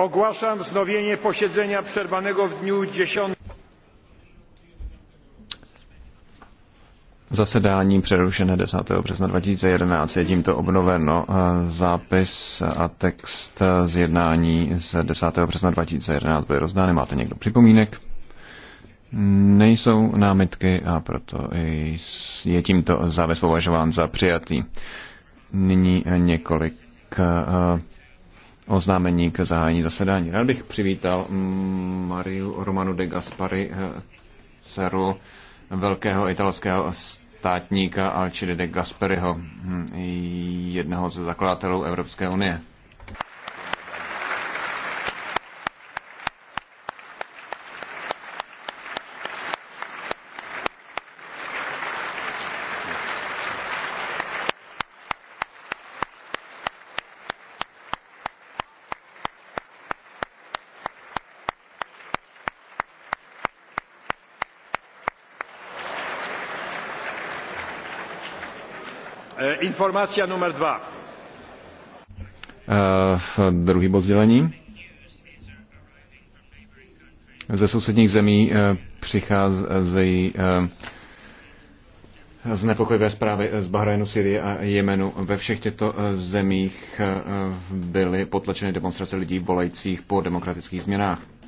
Ogłaszam wznowienie posiedzenia przerwanego w dniu 10. Zasedání přerušené 10. března 2011 je tímto obnoveno. Eh, zápis a text eh, z jednání z 10. března 2011 byly rozdány. Máte někdo připomínek? Nejsou námitky a proto je tímto závěs považován za přijatý. Nyní eh, několik oznámení k zahájení zasedání. Rád bych přivítal Mariu Romanu de Gaspari, eh, dceru velkého italského státníka Alcide de Gasperiho, hm, jednoho ze zakladatelů Evropské unie. Eh, informace numer dva. Eh, v druhý bod sdělení. Ze sousedních zemí eh, přicházejí uh, znepokojivé zprávy z Bahrajnu, Syrie a Jemenu. Ve všech těchto zemích byly potlačeny demonstrace lidí volajících po demokratických změnách.